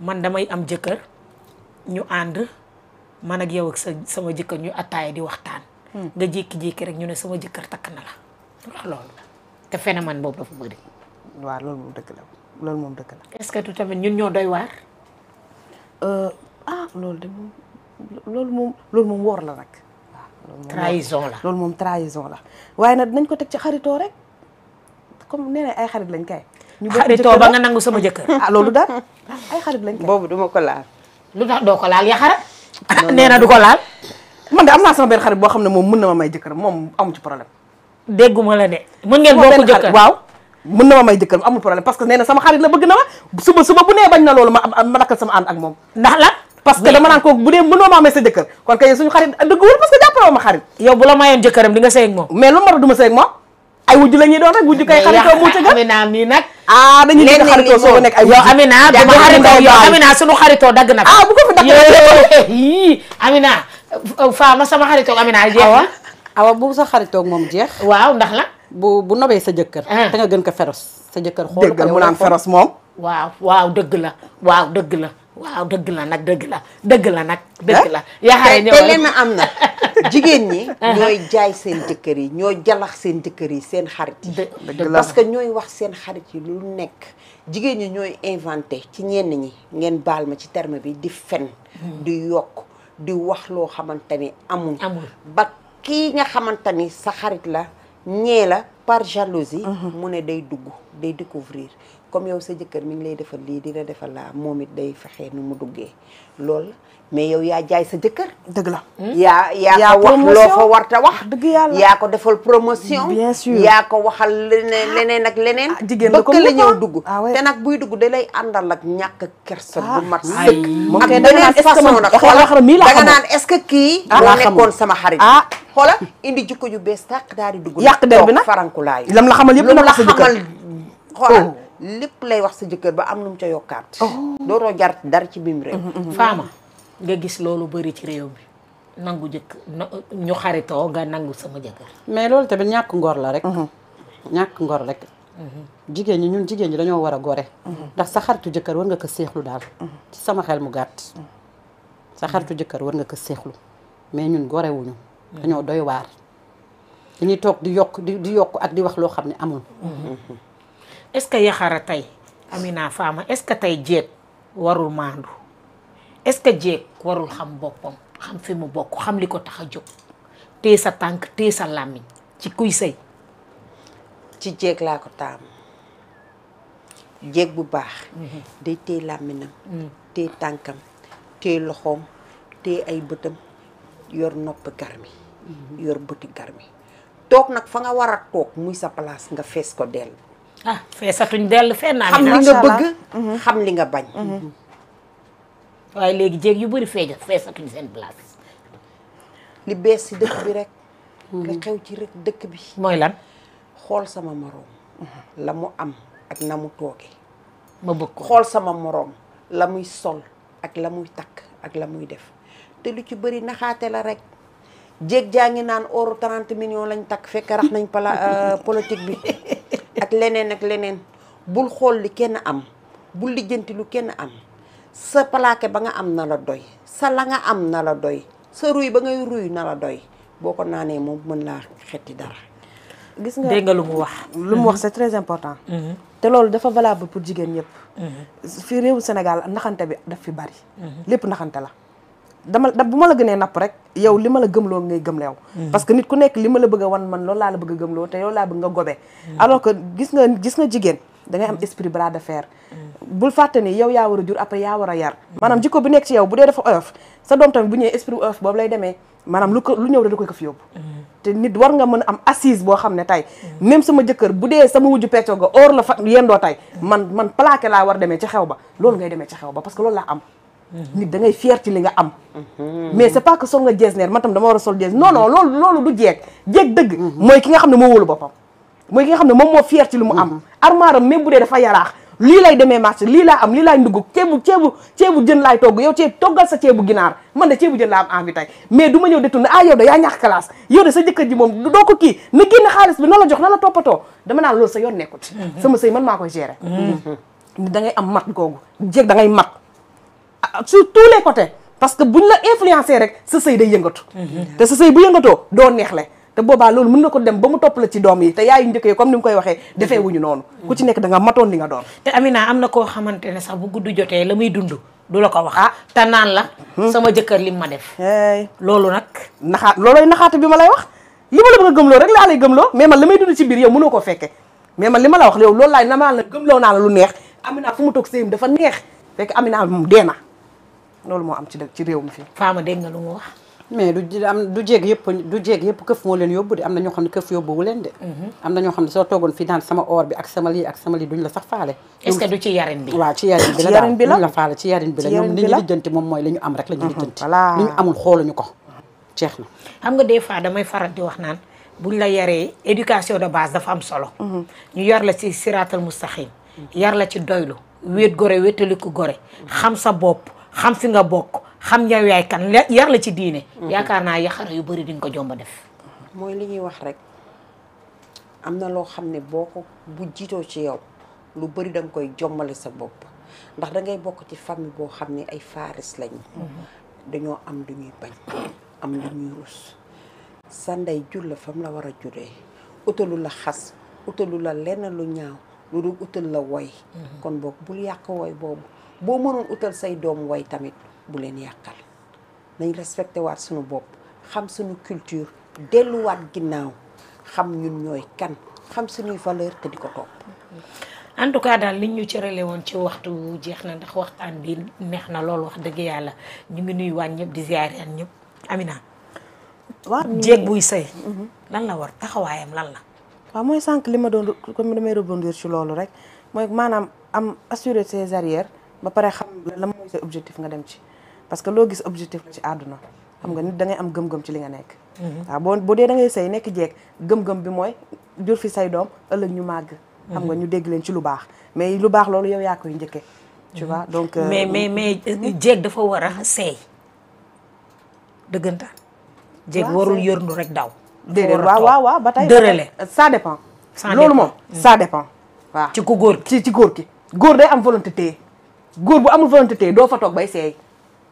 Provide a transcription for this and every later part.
man damay am jëkkër ñu ànd man ak yow sa sama jëkkër ñu attaaya di waxtaan. Hmm. nga jékki-jékki rek ñu ne sama jëkkër takk na la wax loolu te phénomène boobu dafa bëri. waaw loolu moom dëgg la loolu moom dëgg la. est-ce que tu tamit ñun ñoo doy waar. Euh, ah loolu de moom loolu moom loolu moom woor la nag. trahison la loolu moom trahison la waaye nag nañ ko teg ci xaritoo rek comme nee ay xarit lañ kay. ñu xaritoo ba nga nangu sama jëkkër ah loolu daal ay xarit lañ boobu duma ko laal lu tax doo ko laal yaxara nee na du ko laal man de am naa sama benn xarit boo xam ne moom mën na ma may jëkkër moom amu ci problème dégguma la de mën waaw mën na ma may jëkkër amul problème parce que nee na sama xarit la bëgg na ma suba suba bu nee bañ na loolu ma ma dakkal sama ànd ak moom ndax la parce que dama naan kooku bu dee mënoo maa may sa jëkkër kon kay suñu xarit dëgg wul parce que jàppaloo ma xarit yow bu la mayoon jëkkëram di nga sëy moom mais lu ma du ma ay wujj la ñuy doon rek wujj kay xaritoo mu tëgg Amina mii nag ah dañuy dégg xaritoo soo nekk ay Amina sunu xaritoo dagg na ah bu ko sama xaritoo Amina jeex awa awa sa xaritoo moom waaw ndax la bu bu nobee sa jëkkër ah. te nga gën ko feros sa jëkkër xool dëgg naan féroce moom waaw waaw dëgg la waaw dëgg la waaw dëgg la nag dëgg la dëgg la nag dëgg eh? la yaakaar jigéen ñi ñooy jaay seen jëkkër yi ñooy jalax seen jëkkër yi seen xarit yi parce que ñooy wax seen xarit yi lu nekk jigéen ñi ñooy inventé ci ñenn ñi ngeen baal ma ci terme bi di fen hmm. di yokk di wax loo xamante ni amul ba kii nga xamante ni sa xarit la ñee la par jalousie mu ne day dugg day découvrir comme yow sa jëkkër mi ngi lay defal lii di la defal laa moom it day fexe nu mu duggee loolu mais yow yaa jaay sa jëkkër. dëgg la. Hmm? Hmm? yaa yaa ko wax loo fa warta wax. dëgg yàlla yaa ko defal promotion. bien sûr yaa ko waxal leneen ah. ak leneen. Ah, jigéen la comme la ñëw dugg. Ah, te nag buy dugg da lay àndal ak ñàkk kër bu mat sëkk. ak beneen façon nag xoolal da naan est-ce que kii. ah laa nekkoon sama xoola indi jikko ju bees tàq daal di dugg. yàq der bi nag farankulaayu. lam la xamal yëpp lam la xamal. xoolal oh. lépp lay wax sa jëkkër ba am lu mu ca yokkaat. Oh. dootoo jar dara ci biim réew. Mm-hmm, mm-hmm. faama mm-hmm. nga gis loolu bari ci réew bi nangu jëkk ñu xaritoo nga nangu sama jëkkër. mais loolu tamit ñàkk ngor la rek. ñàkk ngor rek. jigéen ñi ñun jigéen ñi dañoo war a gore. ndax sa xaritu jëkkër war nga ko seexlu daal. ci sama xel mu gàtt. sa xaritu jëkkër war nga ko seexlu mais ñun gore wuñu dañoo doy waar. dañuy toog di yokk di yokk ak di wax loo xam ne amul. est ce que yaxara tey Amina Fama est ce que tey jeeg warul maandu est ce que jeeg warul xam boppam xam fi mu bokk xam li ko tax a jóg téye sa tànk téye sa làmmiñ ci kuy sëy ci jeeg laa ko taam jéeg bu baax mhm. day téye làmmiñam mm. téye tànkam téye loxoom téye ay bëtam yor nopp garmi mhm. yor bëti garmi toog nag fa nga war a toog muy sa palaas nga fees ko dell ah feesatuñ dell fenn xam li nga bëgg mhm. xam li nga bañ mhm. Mhm. waaye léegi jéeg yu bëri feeja feesatuñ seen place li bees ci dëkk bi rek li xew ci rek dëkk bi mooy lan xool sama moroom la mu am ak na mu tooge ma bëgg ko xool sama moroom la muy sol ak la muy takk ak la muy def te lu ci bëri naxaate la rek jéeg jaa ngi naan oru 30 millions lañ takk fekk rax nañ pala euh, politique bi ak leneen ak leneen bul xool li kenn am bul ligganti lu kenn am sa plaqué ba nga am na la doy sa la nga am na la doy sa ruy ba ngay ruy na la doy boo ko naanee moom mën laa xetti dara. gis nga dégg lu mu wax. lu mu wax c'est très important. Mm-hmm. te loolu dafa valable pour jigéen ñëpp. Mm-hmm. fi réewu Sénégal naxante bi daf fi bari. Mm-hmm. lépp naxante la. dama da bu ma la gënee napp rek yow li ma la gëmloo ngay gëmleew mhm. parce que nit ku nekk li ma la bëgg a wan man loolu laa la bëgg a gëmloo te yow laa bëgg nga gobe mhm. alors gis nga gis nga jigéen da ngay am mhm. esprit bras de fer bul fàtte yow yaa war a jur après yaa war a yar maanaam jikko bi nekk ci yow bu dee dafa oyof sa bu ñëwee esprit oyof boobu lay demee maanaam lu ko lu ñëw da koy ko fi yóbbu nit war nga mën am assise boo xam ne tey même sama jëkkër bu dee sama wujju peccoo ga or la fa yendoo man man plaqué laa demee ci xew ba loolu ngay demee ci xew ba parce que loolu laa am nit da ngay fier ci li nga am. mais c'est pas que sol nga jeesneer man tam dama war a sol jees non non loolu loolu du jeeg jeeg dëgg. mooy ki nga xam ne moo wóolu boppam. mooy nga xam ne moom moo fier ci lu mu am. armoire am même bu dee dafa yaraax lii lay deme marché lii laa am lii laay ndugg ceebu ceebu ceebu jën laay togg yow ceeb toggal sa ceebu ginaar man de ceebu jën laa am envie tey mais du ma ñëw de tourné ah yow de yaa ñàkk classe yow de sa jëkkër ji moom doo ko kii na génn xaalis bi na la jox na la toppatoo dama naan loolu sa yoon nekkut mm-hmm. sama sëy man maa koy gérer mm-hmm. da ngay am mat googu jeeg da ngay sur tous les côtés parce que buñ la influencer rek sa sëy yëngatu te sa sëy bu yëngatoo doo neexle te boobaa loolu mun na ko dem ba mu topp la ci doom yi te yaayu njëkkee comme ni mu koy waxee defee wuñu noonu ku ci nekk da nga matoon li nga doon te Amina am na koo xamante ne sax bu gudd jotee la muy dund du la ko wax ah te naan la hmm. sama jëkkër lim ma def loolu nag naxaat loolooy naxaate bi ma lay wax li ma la bëgg a gëmloo rek laa lay gëmloo mais man biir yow mënoo ko fekke mais man li ma la wax yow loolu laay namaa lu neex Amina mu toog sëyam dafa neex fekk Amina moom dee na loolu moo am ci de ci réew mi fii. Fama dégg nga lu mu wax. mais du am du jéeg yëpp du jéeg yëpp këf moo leen yóbbu de am na ñoo xam ne këf yóbbuwu leen de. Mhm. am na ñoo xam ne soo toogoon fii naan sama or bi ak sama lii ak sama lii la sax faale. est-ce que du ci yarin bi. waaw ci yarin bi la daal duñ la faale ci yarin ñu lijjanti moom ñu am rek la mhm, ñu ko jeex na. xam nga des fois damay faral di wax naan bu buñ la yaree éducation de base dafa am solo. Mhm. ñu yar la ci siraatal mustaqim yar la ci doylu wéet gore wéetaliku gore xam sa bopp xam fi nga bokk xam yow yaay kan yar la ci diine. yaakaar naa yaxara yu bari di ko jomba def. mooy li ñuy wax rek am na loo xam ne boo ko bu jiitoo ci yow lu bari da koy jombale sa bopp ndax dangay bokk ci famille boo xam ne ay faaris lañu. dañoo am lu ñuy bañ am lu ñuy rus. sa ndey jur la fam la war a juree utalu la xas utalu la lenn lu ñaaw lu dul utal la woy mm-hmm. kon boog bul yàq woy boobu. boo mënoon utal say doom woy tamit bu leen yàqal nañ respecté waat suñu bopp xam suñu culture delluwaat ginnaaw xam ñun ñooy kan xam suñuy valeur te di ko topp en tout cas daal li ñu cërale woon ci waxtu jeex na ndax waxtaan bi neex na loolu wax dëgg yàlla ñu ngi nuy waan ñëpp di ziyaareen ñëpp Amina waaw jéeg buy sëy mhm. lan la war taxawaayam lan la waaw mooy sànq li ma doon comme damay rebondir ci loolu rek mooy maanaam am assurer ses arrières ba pare xam la mooy sa objectif nga dem ci parce que loo gis objectif la ci àdduna xam nga nit dangay am gëm-gëm ci li nga nekk mhm. waaw boo boo dee da ngay sëy nekk jeeg gëm-gëm bi mooy jur fi say doom ëllëg ñu màgg xam nga mhm. ñu dégg leen ci lu baax mais lu baax loolu yow yaa koy njëkkee tu mhm. vois donc euh, mais mais mais euh, jeeg dafa war a seey dëggantaan jeeg warul yërndu rek daw déedéet waaw waaw waaw ba tey dërële ça dépend loolu moom ci ku góor ci ci góor ki góor day am volonté téye góor bu amul volonté doo fa toog bay seey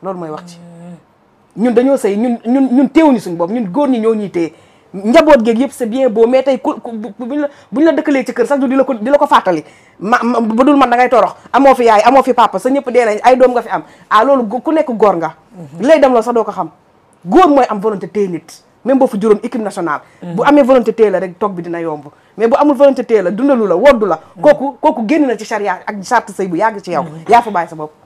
loolu mooy wax ci ñun dañoo sëy ñun ñun ñun téewuñu suñu boob ñun góor ñi ñoo ñuy téye njaboot gee yëpp c'est bien boo mais tey ku buñ la buñ la dëkkalee ci kër sax du di la ko di la ko fàttali ma ba dul man da ngay torox amoo fi yaay amoo fi papa sa ñëpp dee nañ ay doom nga fi am ah loolu ku nekk góor nga. Mhm. lay dem la sax doo ko xam góor mooy am volonté téye nit. même boo fa juróom équipe nationale bu amee volonté tée la rek toog bi dina yomb mais bu amul volonté tée la dundalu la woddu la kooku kooku génn na ci charia ak charte sëy bu yàgg ci yow mm-hmm. yaa fa sa bopp